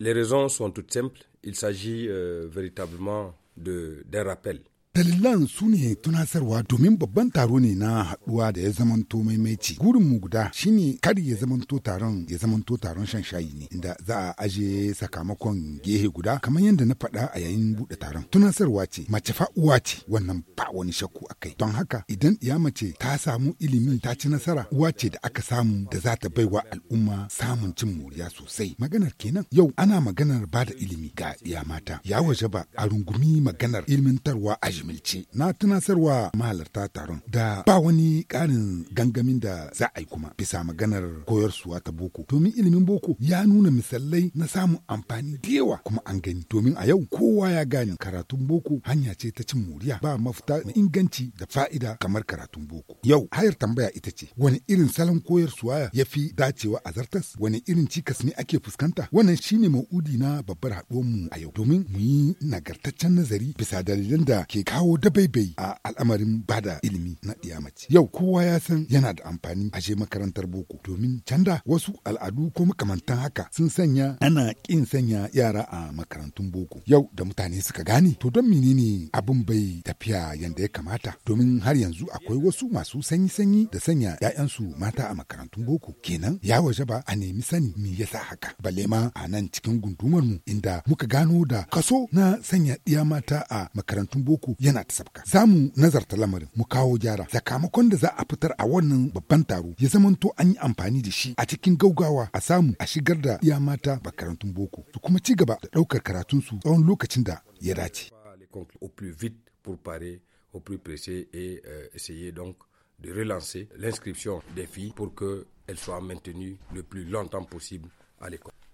Les raisons sont toutes simples. Il s'agit euh, véritablement d'un rappel Dalilan su ne tunasarwa domin babban taro ne na haduwa da ya zamanto maimaici. mu guda shine kar ya zamanto taron ya zamanto taron shan shayi ne inda za a aje sakamakon gehe guda kamar yadda na faɗa a yayin buɗe taron. Tunasarwa ce mace fa uwa ce wannan ba wani shakku a kai. Don haka idan ya mace ta samu ilimi ta ci nasara uwa ce da aka samu da za ta baiwa al'umma samun cin moriya sosai. Maganar kenan yau ana maganar ba da ilimi ga iya mata. Ya waje ba a rungumi maganar ilmintarwa a jimilce na tunasarwa mahalarta taron da ba wani karin gangamin da za a yi kuma bisa maganar koyarsuwa ta boko domin ilimin boko ya nuna misalai na samun amfani da yawa kuma an gani domin a yau kowa ya gane karatun boko hanya ce ta cin moriya ba mafita na inganci da fa'ida kamar karatun boko yau hayar tambaya ita ce wani irin salon koyarsuwa ya fi dacewa a zartas wani irin cikas ne ake fuskanta wannan shine ma'udi na babbar mu a yau domin mu yi nagartaccen nazari bisa dalilin da ke kawo dabaibai a al'amarin bada ilimi na ɗiyamaci. Yau kowa ya san yana da amfani a je makarantar boko domin canda wasu al'adu ko makamantan haka sun sanya ana ƙin sanya yara a makarantun boko. Yau da mutane suka gane to don menene abin bai tafiya yanda ya kamata domin har yanzu akwai wasu masu sanyi-sanyi da sanya 'ya'yansu mata a makarantun boko kenan ya waje ba a nemi sani me yasa haka balle ma a nan cikin gundumar inda muka gano da kaso na sanya ɗiya mata a makarantun boko yana ta sabka. Za mu nazarta lamarin mu kawo gyara. Sakamakon da za a fitar a wannan babban taro ya zamanto an yi amfani da shi a cikin gaugawa a samu a shigar da iya mata makarantun boko su kuma ci gaba da ɗaukar karatunsu tsawon lokacin da ya dace. Au pour parer, au plus pressé euh, essayer donc de relancer l'inscription des filles pour qu'elles soient maintenues le plus longtemps possible à l'école.